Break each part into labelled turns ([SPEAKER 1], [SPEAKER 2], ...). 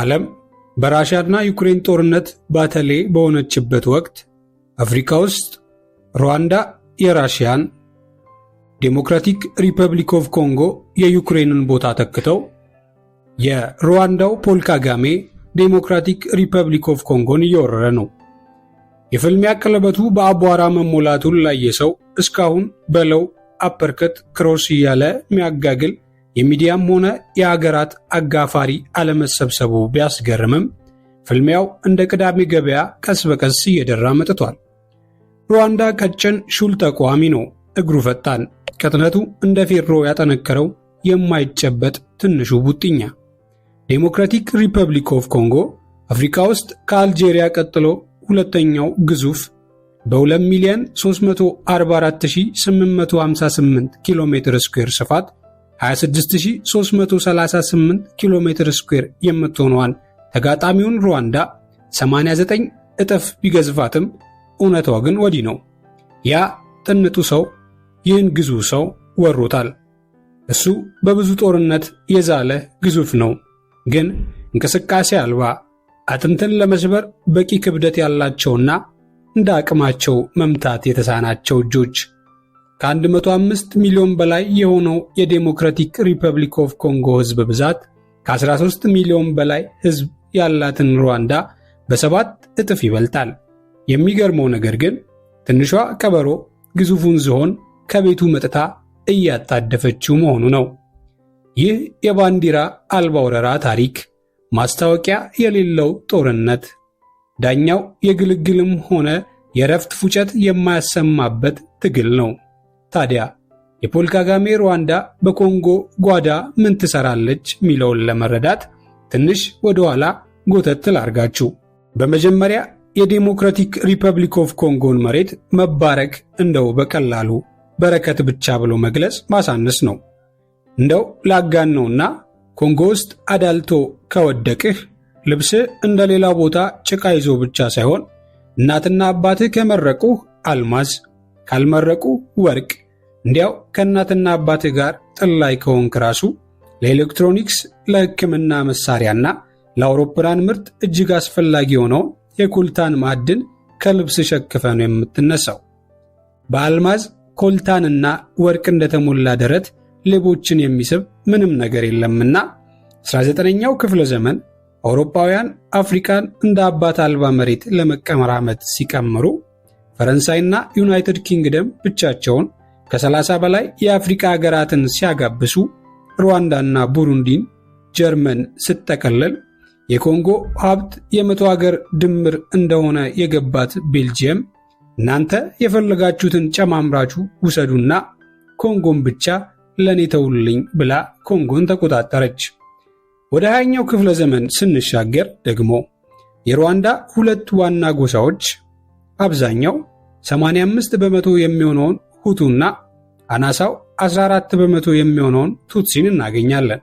[SPEAKER 1] ዓለም በራሽያና ዩክሬን ጦርነት ባተሌ በሆነችበት ወቅት አፍሪካ ውስጥ ሩዋንዳ የራሽያን፣ ዴሞክራቲክ ሪፐብሊክ ኦፍ ኮንጎ የዩክሬንን ቦታ ተክተው የሩዋንዳው ፖል ካጋሜ ዴሞክራቲክ ሪፐብሊክ ኦፍ ኮንጎን እየወረረ ነው። የፍልሚያ ቀለበቱ በአቧራ መሞላቱን ላየ ሰው እስካሁን በለው አፐርከት ክሮስ እያለ ሚያጋግል የሚዲያም ሆነ የአገራት አጋፋሪ አለመሰብሰቡ ቢያስገርምም ፍልሚያው እንደ ቅዳሜ ገበያ ቀስ በቀስ እየደራ መጥቷል። ሩዋንዳ ቀጭን ሹል ተቋሚ ነው። እግሩ ፈጣን፣ ቅጥነቱ እንደ ፌሮ ያጠነከረው የማይጨበጥ ትንሹ ቡጥኛ። ዴሞክራቲክ ሪፐብሊክ ኦፍ ኮንጎ አፍሪካ ውስጥ ከአልጄሪያ ቀጥሎ ሁለተኛው ግዙፍ በ2 ሚሊዮን 344858 ኪሎ ሜትር ስኩዌር ስፋት 26338 ኪሎ ሜትር ስኩዌር የምትሆነዋል ተጋጣሚውን ሩዋንዳ 89 እጥፍ ቢገዝፋትም እውነቷ ግን ወዲህ ነው። ያ ጥንጡ ሰው ይህን ግዙፍ ሰው ወሮታል። እሱ በብዙ ጦርነት የዛለ ግዙፍ ነው፣ ግን እንቅስቃሴ አልባ አጥንትን ለመስበር በቂ ክብደት ያላቸውና እንደ አቅማቸው መምታት የተሳናቸው እጆች ከ105 ሚሊዮን በላይ የሆነው የዴሞክራቲክ ሪፐብሊክ ኦፍ ኮንጎ ህዝብ ብዛት ከ13 ሚሊዮን በላይ ህዝብ ያላትን ሩዋንዳ በሰባት እጥፍ ይበልጣል። የሚገርመው ነገር ግን ትንሿ ቀበሮ ግዙፉን ዝሆን ከቤቱ መጥታ እያጣደፈችው መሆኑ ነው። ይህ የባንዲራ አልባ ወረራ ታሪክ፣ ማስታወቂያ የሌለው ጦርነት፣ ዳኛው የግልግልም ሆነ የእረፍት ፉጨት የማያሰማበት ትግል ነው። ታዲያ የፖል ካጋሜ ሩዋንዳ በኮንጎ ጓዳ ምን ትሰራለች የሚለውን ለመረዳት ትንሽ ወደ ኋላ ጎተት ላርጋችሁ። በመጀመሪያ የዴሞክራቲክ ሪፐብሊክ ኦፍ ኮንጎን መሬት መባረክ እንደው በቀላሉ በረከት ብቻ ብሎ መግለጽ ማሳነስ ነው። እንደው ላጋን ነውና ኮንጎ ውስጥ አዳልቶ ከወደቅህ ልብስህ እንደ ሌላው ቦታ ጭቃ ይዞ ብቻ ሳይሆን እናትና አባትህ ከመረቁህ አልማዝ ካልመረቁ ወርቅ፣ እንዲያው ከእናትና አባትህ ጋር ጥል ላይ ከሆንክ ራሱ ለኤሌክትሮኒክስ፣ ለሕክምና መሳሪያና ለአውሮፕላን ምርት እጅግ አስፈላጊ የሆነውን የኮልታን ማዕድን ከልብስ ሸክፈ ነው የምትነሳው። በአልማዝ ኮልታንና ወርቅ እንደተሞላ ደረት ሌቦችን የሚስብ ምንም ነገር የለምና 19ኛው ክፍለ ዘመን አውሮፓውያን አፍሪካን እንደ አባት አልባ መሬት ለመቀመር ዓመት ሲቀምሩ ፈረንሳይና ዩናይትድ ኪንግደም ብቻቸውን ከ30 በላይ የአፍሪካ ሀገራትን ሲያጋብሱ ሩዋንዳና ቡሩንዲን ጀርመን ስጠቀለል የኮንጎ ሀብት የመቶ ሀገር ድምር እንደሆነ የገባት ቤልጅየም እናንተ የፈለጋችሁትን ጨማምራችሁ ውሰዱና ኮንጎን ብቻ ለእኔ ተውልኝ ብላ ኮንጎን ተቆጣጠረች። ወደ ሃያኛው ክፍለ ዘመን ስንሻገር ደግሞ የሩዋንዳ ሁለት ዋና ጎሳዎች አብዛኛው 85 በመቶ የሚሆነውን ሁቱና አናሳው 14 በመቶ የሚሆነውን ቱትሲን እናገኛለን።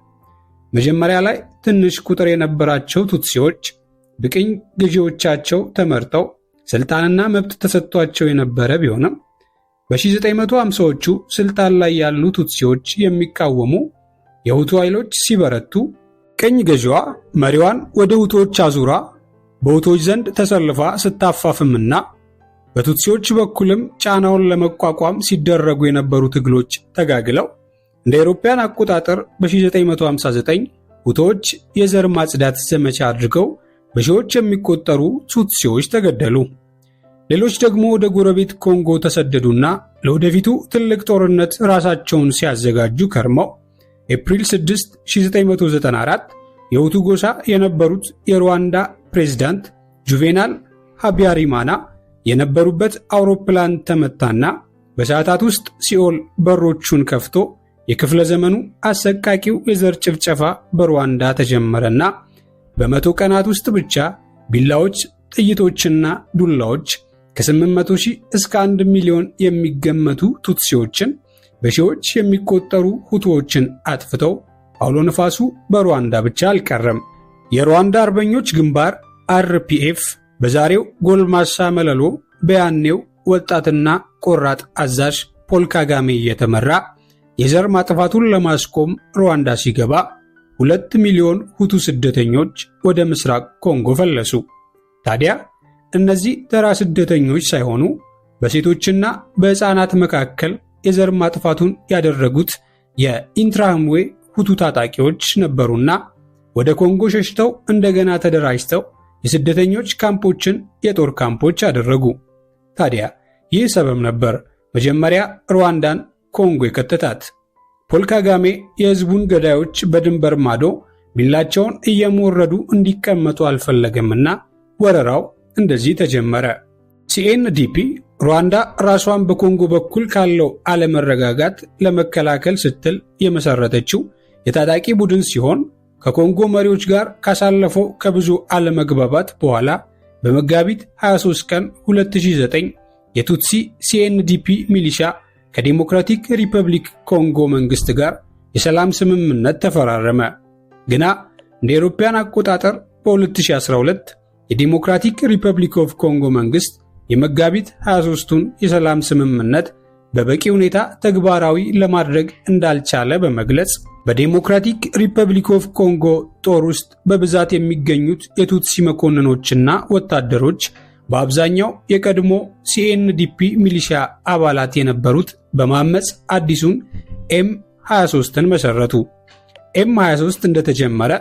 [SPEAKER 1] መጀመሪያ ላይ ትንሽ ቁጥር የነበራቸው ቱትሲዎች ብቅኝ ገዢዎቻቸው ተመርጠው ስልጣንና መብት ተሰጥቷቸው የነበረ ቢሆንም በ1950ዎቹ ስልጣን ላይ ያሉ ቱትሲዎች የሚቃወሙ የሁቱ ኃይሎች ሲበረቱ ቅኝ ገዢዋ መሪዋን ወደ ሁቶች አዙራ በሁቶች ዘንድ ተሰልፋ ስታፋፍምና በቱትሲዎች በኩልም ጫናውን ለመቋቋም ሲደረጉ የነበሩ ትግሎች ተጋግለው እንደ አውሮፓውያን አቆጣጠር በ1959 ሁቶች የዘር ማጽዳት ዘመቻ አድርገው በሺዎች የሚቆጠሩ ቱትሲዎች ተገደሉ። ሌሎች ደግሞ ወደ ጎረቤት ኮንጎ ተሰደዱና ለወደፊቱ ትልቅ ጦርነት ራሳቸውን ሲያዘጋጁ ከርመው ኤፕሪል 6 1994 የሁቱ ጎሳ የነበሩት የሩዋንዳ ፕሬዝዳንት ጁቬናል ሃቢያሪማና የነበሩበት አውሮፕላን ተመታና በሰዓታት ውስጥ ሲኦል በሮቹን ከፍቶ የክፍለ ዘመኑ አሰቃቂው የዘር ጭፍጨፋ በሩዋንዳ ተጀመረና በመቶ ቀናት ውስጥ ብቻ ቢላዎች፣ ጥይቶችና ዱላዎች ከ800 ሺህ እስከ 1 ሚሊዮን የሚገመቱ ቱትሲዎችን በሺዎች የሚቆጠሩ ሁቶዎችን አጥፍተው አውሎ ነፋሱ በሩዋንዳ ብቻ አልቀረም። የሩዋንዳ አርበኞች ግንባር አርፒኤፍ በዛሬው ጎልማሳ መለሎ በያኔው ወጣትና ቆራጥ አዛዥ ፖል ካጋሜ እየተመራ የዘር ማጥፋቱን ለማስቆም ሩዋንዳ ሲገባ ሁለት ሚሊዮን ሁቱ ስደተኞች ወደ ምስራቅ ኮንጎ ፈለሱ። ታዲያ እነዚህ ተራ ስደተኞች ሳይሆኑ በሴቶችና በሕፃናት መካከል የዘር ማጥፋቱን ያደረጉት የኢንትራምዌ ሁቱ ታጣቂዎች ነበሩና ወደ ኮንጎ ሸሽተው እንደገና ተደራጅተው የስደተኞች ካምፖችን የጦር ካምፖች አደረጉ። ታዲያ ይህ ሰበብ ነበር መጀመሪያ ሩዋንዳን ኮንጎ የከተታት። ፖል ካጋሜ የሕዝቡን ገዳዮች በድንበር ማዶ ቢላቸውን እየሞረዱ እንዲቀመጡ አልፈለገምና ወረራው እንደዚህ ተጀመረ። ሲኤንዲፒ ሩዋንዳ ራሷን በኮንጎ በኩል ካለው አለመረጋጋት ለመከላከል ስትል የመሰረተችው የታጣቂ ቡድን ሲሆን ከኮንጎ መሪዎች ጋር ካሳለፈው ከብዙ አለመግባባት በኋላ በመጋቢት 23 ቀን 2009 የቱትሲ ሲኤንዲፒ ሚሊሻ ከዲሞክራቲክ ሪፐብሊክ ኮንጎ መንግሥት ጋር የሰላም ስምምነት ተፈራረመ። ግና እንደ አውሮፓውያን አቆጣጠር በ2012 የዲሞክራቲክ ሪፐብሊክ ኦፍ ኮንጎ መንግሥት የመጋቢት 23ቱን የሰላም ስምምነት በበቂ ሁኔታ ተግባራዊ ለማድረግ እንዳልቻለ በመግለጽ በዴሞክራቲክ ሪፐብሊክ ኦፍ ኮንጎ ጦር ውስጥ በብዛት የሚገኙት የቱትሲ መኮንኖችና ወታደሮች በአብዛኛው የቀድሞ ሲኤንዲፒ ሚሊሺያ አባላት የነበሩት በማመፅ አዲሱን ኤም 23ን መሰረቱ። ኤም 23 እንደተጀመረ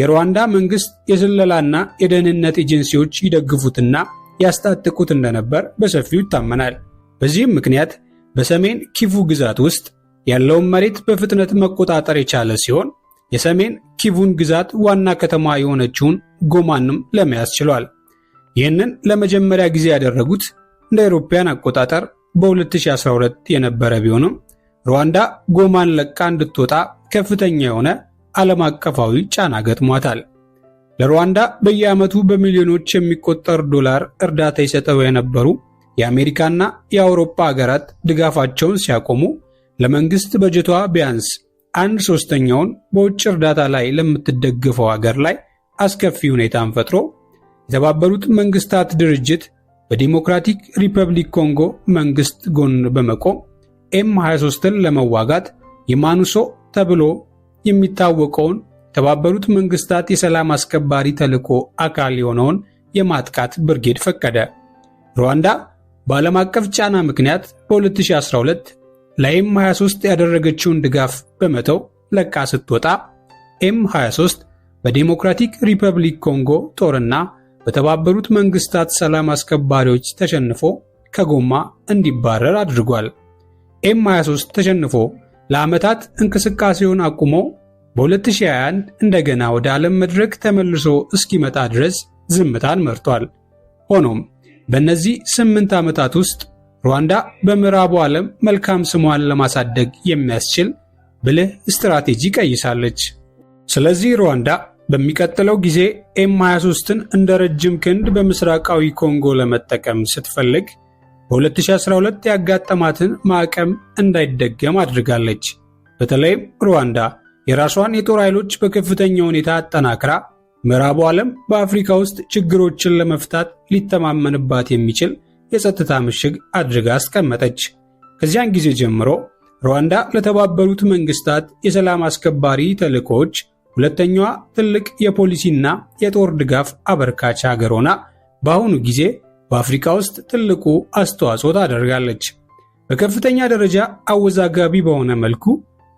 [SPEAKER 1] የሩዋንዳ መንግስት የስለላና የደህንነት ኤጀንሲዎች ይደግፉትና ያስታጥቁት እንደነበር በሰፊው ይታመናል። በዚህም ምክንያት በሰሜን ኪቩ ግዛት ውስጥ ያለውን መሬት በፍጥነት መቆጣጠር የቻለ ሲሆን የሰሜን ኪቡን ግዛት ዋና ከተማ የሆነችውን ጎማንም ለመያዝ ችሏል። ይህንን ለመጀመሪያ ጊዜ ያደረጉት እንደ አውሮፓውያን አቆጣጠር በ2012 የነበረ ቢሆንም ሩዋንዳ ጎማን ለቃ እንድትወጣ ከፍተኛ የሆነ ዓለም አቀፋዊ ጫና ገጥሟታል። ለሩዋንዳ በየዓመቱ በሚሊዮኖች የሚቆጠር ዶላር እርዳታ ይሰጠው የነበሩ የአሜሪካና የአውሮፓ ሀገራት ድጋፋቸውን ሲያቆሙ ለመንግስት በጀቷ ቢያንስ አንድ ሶስተኛውን በውጭ እርዳታ ላይ ለምትደግፈው አገር ላይ አስከፊ ሁኔታን ፈጥሮ የተባበሩት መንግስታት ድርጅት በዲሞክራቲክ ሪፐብሊክ ኮንጎ መንግስት ጎን በመቆም ኤም 23ን ለመዋጋት የማኑሶ ተብሎ የሚታወቀውን የተባበሩት መንግስታት የሰላም አስከባሪ ተልዕኮ አካል የሆነውን የማጥቃት ብርጌድ ፈቀደ። ሩዋንዳ በዓለም አቀፍ ጫና ምክንያት በ2012 ለኤም 23 ያደረገችውን ድጋፍ በመተው ለቃ ስትወጣ ኤም 23 በዲሞክራቲክ ሪፐብሊክ ኮንጎ ጦርና በተባበሩት መንግስታት ሰላም አስከባሪዎች ተሸንፎ ከጎማ እንዲባረር አድርጓል። ኤም 23 ተሸንፎ ለዓመታት እንቅስቃሴውን አቁሞ በ2021 እንደገና ወደ ዓለም መድረክ ተመልሶ እስኪመጣ ድረስ ዝምታን መርቷል። ሆኖም በእነዚህ ስምንት ዓመታት ውስጥ ሩዋንዳ በምዕራቡ ዓለም መልካም ስሟን ለማሳደግ የሚያስችል ብልህ ስትራቴጂ ቀይሳለች። ስለዚህ ሩዋንዳ በሚቀጥለው ጊዜ ኤም 23ን እንደ ረጅም ክንድ በምስራቃዊ ኮንጎ ለመጠቀም ስትፈልግ በ2012 ያጋጠማትን ማዕቀም እንዳይደገም አድርጋለች። በተለይም ሩዋንዳ የራሷን የጦር ኃይሎች በከፍተኛ ሁኔታ አጠናክራ ምዕራቡ ዓለም በአፍሪካ ውስጥ ችግሮችን ለመፍታት ሊተማመንባት የሚችል የጸጥታ ምሽግ አድርጋ አስቀመጠች። ከዚያን ጊዜ ጀምሮ ሩዋንዳ ለተባበሩት መንግስታት የሰላም አስከባሪ ተልእኮዎች ሁለተኛዋ ትልቅ የፖሊሲና የጦር ድጋፍ አበርካች ሀገር ሆና በአሁኑ ጊዜ በአፍሪካ ውስጥ ትልቁ አስተዋጽኦ ታደርጋለች። በከፍተኛ ደረጃ አወዛጋቢ በሆነ መልኩ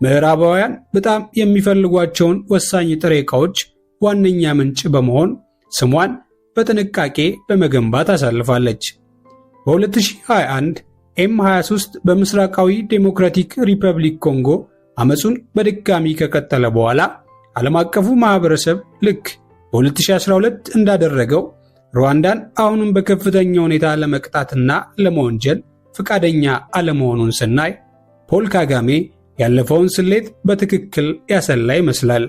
[SPEAKER 1] ምዕራባውያን በጣም የሚፈልጓቸውን ወሳኝ ጥሬ ዕቃዎች ዋነኛ ምንጭ በመሆን ስሟን በጥንቃቄ በመገንባት አሳልፋለች። በ2021 ኤም 23 በምስራቃዊ ዴሞክራቲክ ሪፐብሊክ ኮንጎ አመፁን በድጋሚ ከቀጠለ በኋላ ዓለም አቀፉ ማኅበረሰብ ልክ በ2012 እንዳደረገው ሩዋንዳን አሁንም በከፍተኛ ሁኔታ ለመቅጣትና ለመወንጀል ፈቃደኛ አለመሆኑን ስናይ ፖል ካጋሜ ያለፈውን ስሌት በትክክል ያሰላ ይመስላል።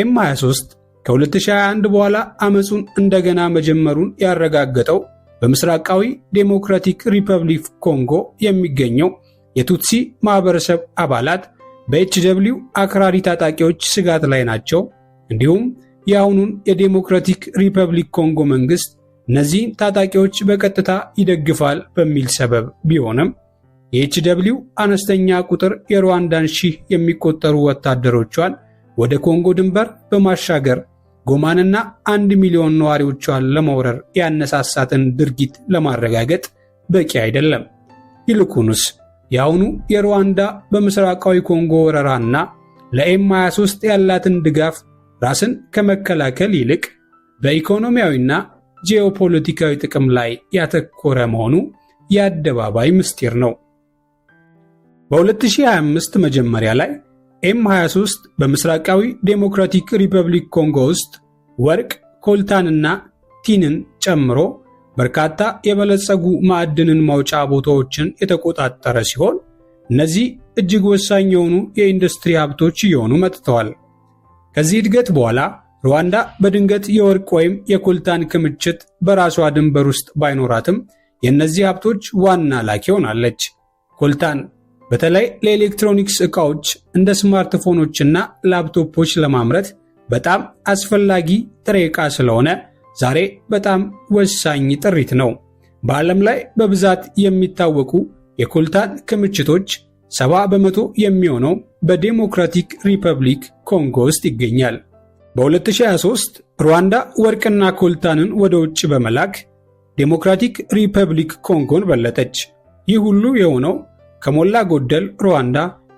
[SPEAKER 1] ኤም 23 ከ2021 በኋላ አመፁን እንደገና መጀመሩን ያረጋገጠው በምስራቃዊ ዴሞክራቲክ ሪፐብሊክ ኮንጎ የሚገኘው የቱትሲ ማህበረሰብ አባላት በኤች ደብሊው አክራሪ ታጣቂዎች ስጋት ላይ ናቸው። እንዲሁም የአሁኑን የዴሞክራቲክ ሪፐብሊክ ኮንጎ መንግስት እነዚህን ታጣቂዎች በቀጥታ ይደግፋል በሚል ሰበብ ቢሆንም የኤች ደብሊው አነስተኛ ቁጥር የሩዋንዳን ሺህ የሚቆጠሩ ወታደሮቿን ወደ ኮንጎ ድንበር በማሻገር ጎማንና አንድ ሚሊዮን ነዋሪዎቿን ለመውረር ያነሳሳትን ድርጊት ለማረጋገጥ በቂ አይደለም። ይልኩንስ የአሁኑ የሩዋንዳ በምስራቃዊ ኮንጎ ወረራና ለኤም 23 ያላትን ድጋፍ ራስን ከመከላከል ይልቅ በኢኮኖሚያዊና ጂኦፖለቲካዊ ጥቅም ላይ ያተኮረ መሆኑ የአደባባይ ምስጢር ነው። በ2025 መጀመሪያ ላይ ኤም 23 በምስራቃዊ ዴሞክራቲክ ሪፐብሊክ ኮንጎ ውስጥ ወርቅ፣ ኮልታንና ቲንን ጨምሮ በርካታ የበለጸጉ ማዕድንን ማውጫ ቦታዎችን የተቆጣጠረ ሲሆን እነዚህ እጅግ ወሳኝ የሆኑ የኢንዱስትሪ ሀብቶች እየሆኑ መጥተዋል። ከዚህ እድገት በኋላ ሩዋንዳ በድንገት የወርቅ ወይም የኮልታን ክምችት በራሷ ድንበር ውስጥ ባይኖራትም የእነዚህ ሀብቶች ዋና ላኪ ሆናለች። ኮልታን በተለይ ለኤሌክትሮኒክስ ዕቃዎች እንደ ስማርትፎኖችና ላፕቶፖች ለማምረት በጣም አስፈላጊ ጥሬ ዕቃ ስለሆነ ዛሬ በጣም ወሳኝ ጥሪት ነው። በዓለም ላይ በብዛት የሚታወቁ የኮልታን ክምችቶች ሰባ በመቶ የሚሆነው በዴሞክራቲክ ሪፐብሊክ ኮንጎ ውስጥ ይገኛል። በ2023 ሩዋንዳ ወርቅና ኮልታንን ወደ ውጭ በመላክ ዴሞክራቲክ ሪፐብሊክ ኮንጎን በለጠች። ይህ ሁሉ የሆነው ከሞላ ጎደል ሩዋንዳ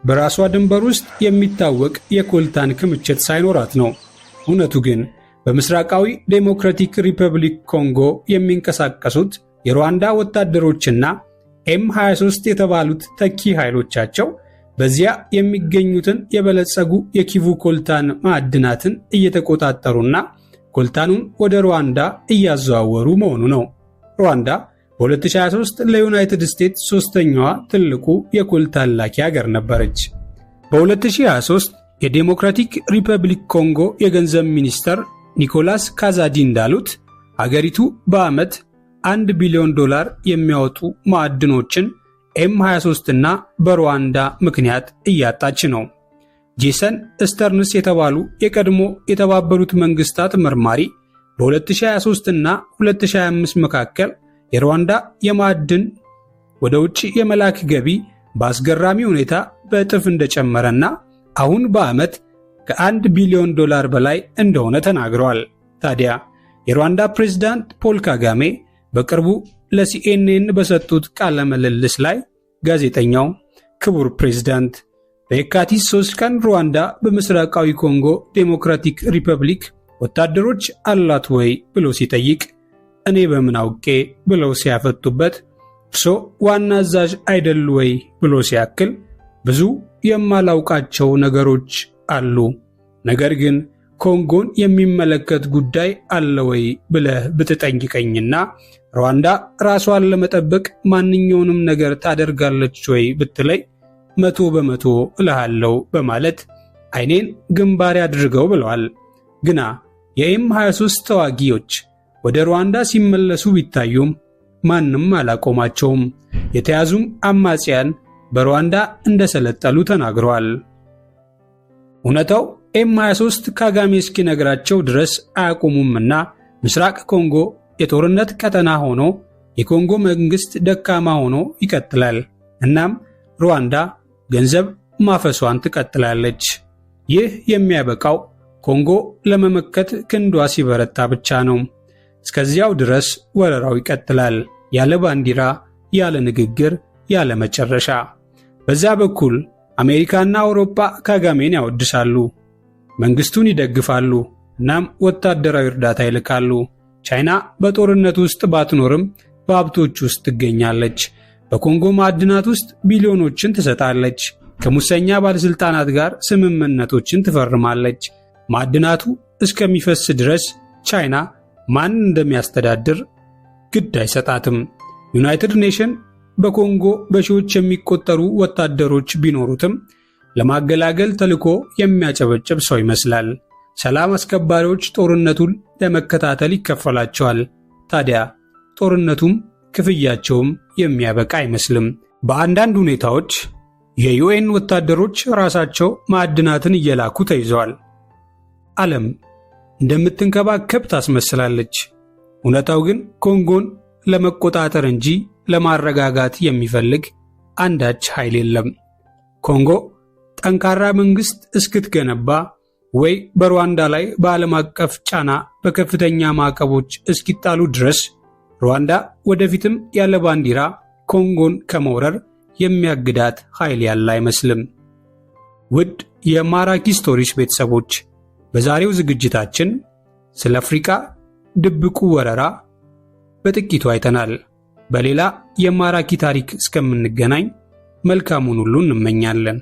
[SPEAKER 1] በራሷ ድንበር ውስጥ የሚታወቅ የኮልታን ክምችት ሳይኖራት ነው። እውነቱ ግን በምስራቃዊ ዴሞክራቲክ ሪፐብሊክ ኮንጎ የሚንቀሳቀሱት የሩዋንዳ ወታደሮችና ኤም 23 የተባሉት ተኪ ኃይሎቻቸው በዚያ የሚገኙትን የበለጸጉ የኪቩ ኮልታን ማዕድናትን እየተቆጣጠሩና ኮልታኑን ወደ ሩዋንዳ እያዘዋወሩ መሆኑ ነው። ሩዋንዳ በ2023 ለዩናይትድ ስቴትስ ሦስተኛዋ ትልቁ የኩል ታላኪ ሀገር ነበረች። በ2023 የዴሞክራቲክ ሪፐብሊክ ኮንጎ የገንዘብ ሚኒስተር ኒኮላስ ካዛዲ እንዳሉት አገሪቱ በዓመት 1 ቢሊዮን ዶላር የሚያወጡ ማዕድኖችን ኤም 23 እና በሩዋንዳ ምክንያት እያጣች ነው። ጄሰን ስተርንስ የተባሉ የቀድሞ የተባበሩት መንግስታት መርማሪ በ2023 እና 2025 መካከል የሩዋንዳ የማዕድን ወደ ውጭ የመላክ ገቢ በአስገራሚ ሁኔታ በእጥፍ እንደጨመረና አሁን በዓመት ከአንድ ቢሊዮን ዶላር በላይ እንደሆነ ተናግረዋል። ታዲያ የሩዋንዳ ፕሬዝዳንት ፖል ካጋሜ በቅርቡ ለሲኤንኤን በሰጡት ቃለ ምልልስ ላይ ጋዜጠኛው ክቡር ፕሬዝዳንት በየካቲት ሶስት ቀን ሩዋንዳ በምስራቃዊ ኮንጎ ዴሞክራቲክ ሪፐብሊክ ወታደሮች አላት ወይ ብሎ ሲጠይቅ እኔ በምን አውቄ ብለው ሲያፈቱበት እርሶ ዋና አዛዥ አይደሉ ወይ ብሎ ሲያክል ብዙ የማላውቃቸው ነገሮች አሉ፣ ነገር ግን ኮንጎን የሚመለከት ጉዳይ አለ ወይ ብለህ ብትጠይቀኝና ሩዋንዳ ራሷን ለመጠበቅ ማንኛውንም ነገር ታደርጋለች ወይ ብትለይ መቶ በመቶ እልሃለሁ በማለት አይኔን ግንባሬ አድርገው ብለዋል። ግና የኤም 23 ተዋጊዎች ወደ ሩዋንዳ ሲመለሱ ቢታዩም ማንም አላቆማቸውም። የተያዙም አማጽያን በሩዋንዳ እንደሰለጠሉ ተናግረዋል። እውነታው ኤም 23 ካጋሜ እስኪነግራቸው ድረስ አያቆሙምና ምስራቅ ኮንጎ የጦርነት ቀጠና ሆኖ የኮንጎ መንግስት ደካማ ሆኖ ይቀጥላል። እናም ሩዋንዳ ገንዘብ ማፈሷን ትቀጥላለች። ይህ የሚያበቃው ኮንጎ ለመመከት ክንዷ ሲበረታ ብቻ ነው። እስከዚያው ድረስ ወረራው ይቀጥላል። ያለ ባንዲራ፣ ያለ ንግግር፣ ያለ መጨረሻ። በዛ በኩል አሜሪካና አውሮፓ ካጋሜን ያወድሳሉ፣ መንግስቱን ይደግፋሉ፣ እናም ወታደራዊ እርዳታ ይልካሉ። ቻይና በጦርነት ውስጥ ባትኖርም በሀብቶች ውስጥ ትገኛለች። በኮንጎ ማዕድናት ውስጥ ቢሊዮኖችን ትሰጣለች። ከሙሰኛ ባለሥልጣናት ጋር ስምምነቶችን ትፈርማለች። ማዕድናቱ እስከሚፈስ ድረስ ቻይና ማን እንደሚያስተዳድር ግድ አይሰጣትም። ዩናይትድ ኔሽን በኮንጎ በሺዎች የሚቆጠሩ ወታደሮች ቢኖሩትም ለማገላገል ተልኮ የሚያጨበጭብ ሰው ይመስላል። ሰላም አስከባሪዎች ጦርነቱን ለመከታተል ይከፈላቸዋል። ታዲያ ጦርነቱም ክፍያቸውም የሚያበቃ አይመስልም። በአንዳንድ ሁኔታዎች የዩኤን ወታደሮች ራሳቸው ማዕድናትን እየላኩ ተይዘዋል። ዓለም እንደምትንከባከብ ታስመስላለች። እውነታው ግን ኮንጎን ለመቆጣጠር እንጂ ለማረጋጋት የሚፈልግ አንዳች ኃይል የለም። ኮንጎ ጠንካራ መንግሥት እስክትገነባ ወይ በሩዋንዳ ላይ በዓለም አቀፍ ጫና በከፍተኛ ማዕቀቦች እስኪጣሉ ድረስ ሩዋንዳ ወደፊትም ያለ ባንዲራ ኮንጎን ከመውረር የሚያግዳት ኃይል ያለ አይመስልም። ውድ የማራኪ ስቶሪስ ቤተሰቦች በዛሬው ዝግጅታችን ስለ አፍሪቃ ድብቁ ወረራ በጥቂቱ አይተናል። በሌላ የማራኪ ታሪክ እስከምንገናኝ መልካሙን ሁሉ እንመኛለን።